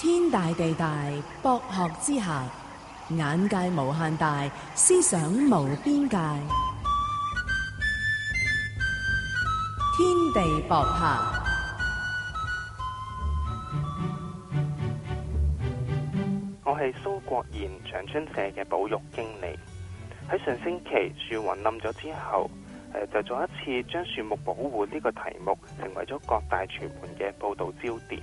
天大地大，博學之下，眼界無限大，思想無邊界。天地博客。我係蘇國賢，長春社嘅保育經理。喺上星期樹云冧咗之後，就再一次將樹木保護呢個題目，成為咗各大傳媒嘅報道焦點。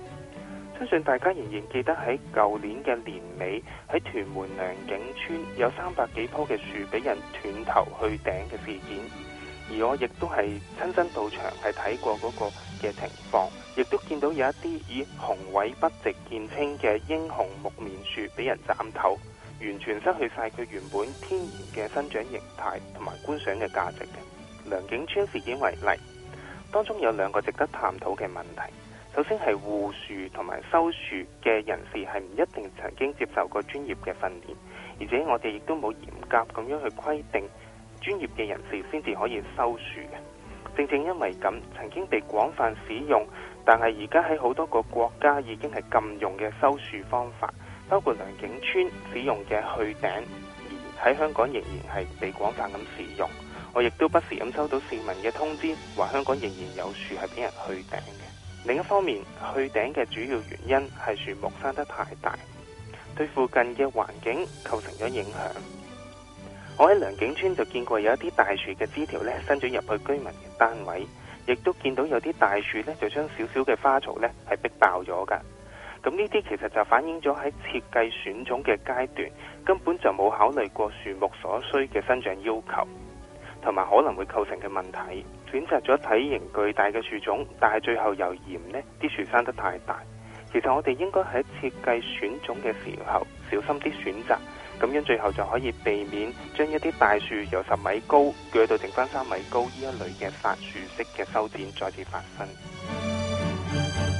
相信大家仍然記得喺舊年嘅年尾，喺屯門良景村有三百幾棵嘅樹俾人斷頭去頂嘅事件，而我亦都係親身到場係睇過嗰個嘅情況，亦都見到有一啲以雄偉筆直見稱嘅英雄木棉樹俾人斬頭，完全失去晒，佢原本天然嘅生長形態同埋觀賞嘅價值嘅。良景村事件為例，當中有兩個值得探討嘅問題。首先係護樹同埋修樹嘅人士係唔一定曾經接受過專業嘅訓練，而且我哋亦都冇嚴格咁樣去規定專業嘅人士先至可以修樹嘅。正正因為咁，曾經被廣泛使用，但係而家喺好多個國家已經係禁用嘅修樹方法，包括梁景村使用嘅去頂，而喺香港仍然係被廣泛咁使用。我亦都不時咁收到市民嘅通知，話香港仍然有樹係俾人去頂嘅。另一方面，去頂嘅主要原因係樹木生得太大，對附近嘅環境構成咗影響。我喺良景村就見過有一啲大樹嘅枝條咧伸咗入去居民嘅單位，亦都見到有啲大樹咧就將少少嘅花槽咧係逼爆咗噶。咁呢啲其實就反映咗喺設計選種嘅階段，根本就冇考慮過樹木所需嘅生長要求。同埋可能會構成嘅問題，選擇咗體型巨大嘅樹種，但係最後又嫌呢啲樹生得太大。其實我哋應該喺設計選種嘅時候小心啲選擇，咁樣最後就可以避免將一啲大樹由十米高鋸到剩返三米高呢一類嘅殺樹式嘅修剪再次發生。